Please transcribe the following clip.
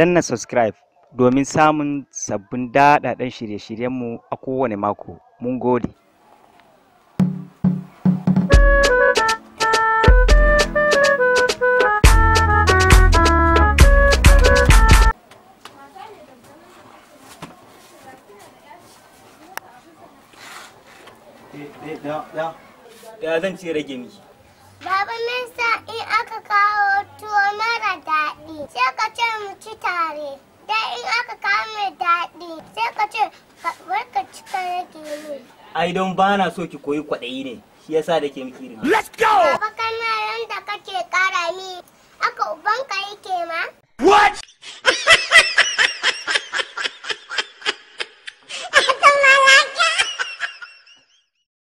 danna subscribe domin samun sabbin daɗaɗɗen shirye-shiryenmu a kowane mako. Mun gode. Ya zan ce rage miki. Babu nan sa ci tare dan in aka kawo mai daɗi sai ka ce ka cika yake ne ai don na so ki koyi kwaɗayi ne shi yasa da ke miki Let's go!